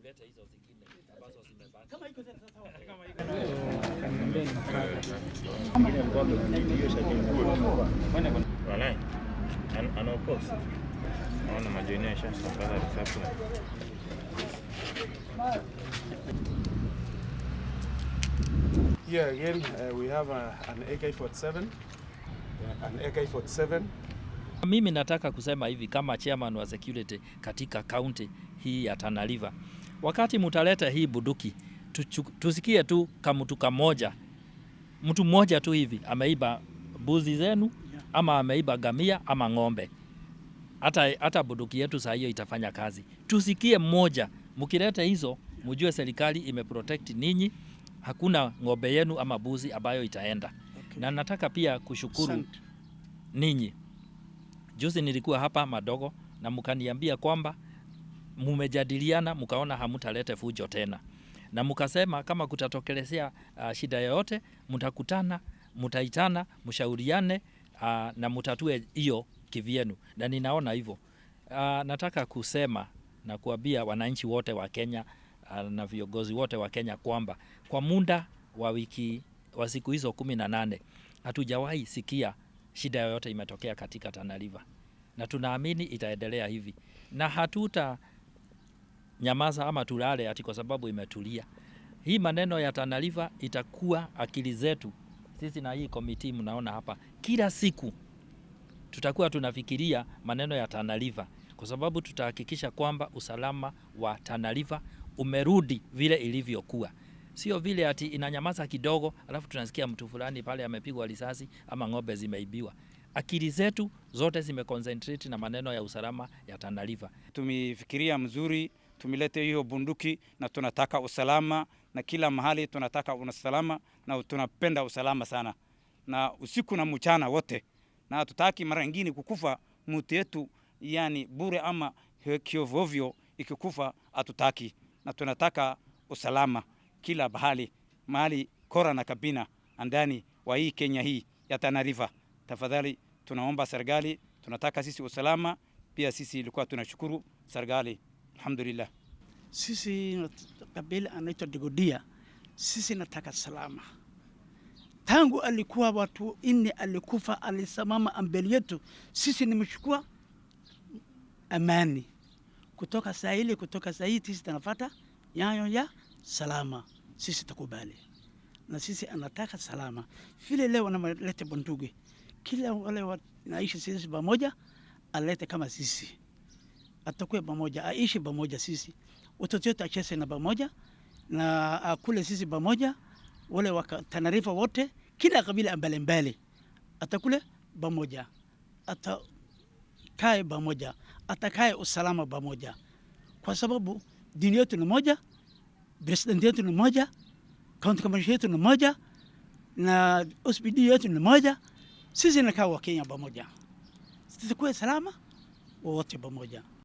ulete hizo zingine ambazo zimebaki. Eh. Naona yashasambaza Here again, uh, we have uh, a, an AK47. An AK47. Mimi nataka kusema hivi kama chairman wa security katika kaunti hii ya Tana River wakati mutaleta hii buduki tusikie tu kamutu kamoja, mtu mmoja tu hivi ameiba buzi zenu ama ameiba gamia ama ng'ombe. Hata, hata buduki yetu saa hiyo itafanya kazi. Tusikie mmoja, mkileta hizo mjue serikali imeprotect ninyi, hakuna ng'ombe yenu ama buzi ambayo itaenda. Okay. Na nataka pia kushukuru ninyi. Juzi nilikuwa hapa Madogo na mkaniambia kwamba mumejadiliana mkaona hamtalete fujo tena, na mkasema kama kutatokelezea uh, shida yoyote, mtakutana, mtaitana, mshauriane uh, ah, na mtatue hiyo kivyenu, na ninaona hivyo. Uh, ah, nataka kusema na kuambia wananchi wote wa Kenya uh, na viongozi wote wa Kenya kwamba kwa muda wa wiki wa siku hizo kumi na nane hatujawahi sikia shida yoyote imetokea katika Tana River, na tunaamini itaendelea hivi na hatuta nyamaza ama tulale ati kwa sababu imetulia. Hii maneno ya Tana River itakuwa akili zetu sisi na hii komiti mnaona hapa, kila siku tutakuwa tunafikiria maneno ya Tana River kwa sababu tutahakikisha kwamba usalama wa Tana River umerudi vile ilivyokuwa, sio vile ati inanyamaza kidogo, alafu tunasikia mtu fulani pale amepigwa risasi ama ng'ombe zimeibiwa. Akili zetu zote zimeconcentrate na maneno ya usalama ya Tana River. Tumefikiria mzuri tumilete hiyo bunduki, na tunataka usalama na kila mahali tunataka usalama na tunapenda usalama sana, na usiku na mchana wote, na hatutaki mara nyingine kukufa mtu yetu yani bure ama kiovyo, ikikufa hatutaki, na tunataka usalama kila bahali mahali kora na kabina ndani wa hii Kenya hii ya Tana River. Tafadhali tunaomba serikali, tunataka sisi usalama pia. Sisi ilikuwa tunashukuru serikali. Alhamdulillah. Sisi kabila anaitwa Digodia, sisi nataka salama. Tangu alikuwa watu nne alikufa, alisimama ambele yetu, sisi nimechukua amani kutoka saa ile, kutoka saa hii sisi tunafuata nyayo ya salama. Sisi tukubali na sisi anataka salama, vile leo namalete bunduki, kila wale wanaishi sisi pamoja alete kama sisi atakuwa pamoja, aishi pamoja sisi, watoto wote acheze na pamoja na akule sisi pamoja, wale wa Tanarifa wote, kila kabila mbele, atakule pamoja, atakae pamoja, atakae usalama pamoja, kwa sababu dini yetu ni moja, president yetu ni moja, kaunti kamishna yetu ni moja na hospitali yetu ni moja. Sisi nakaa wa Kenya pamoja, tutakuwa salama wote pamoja.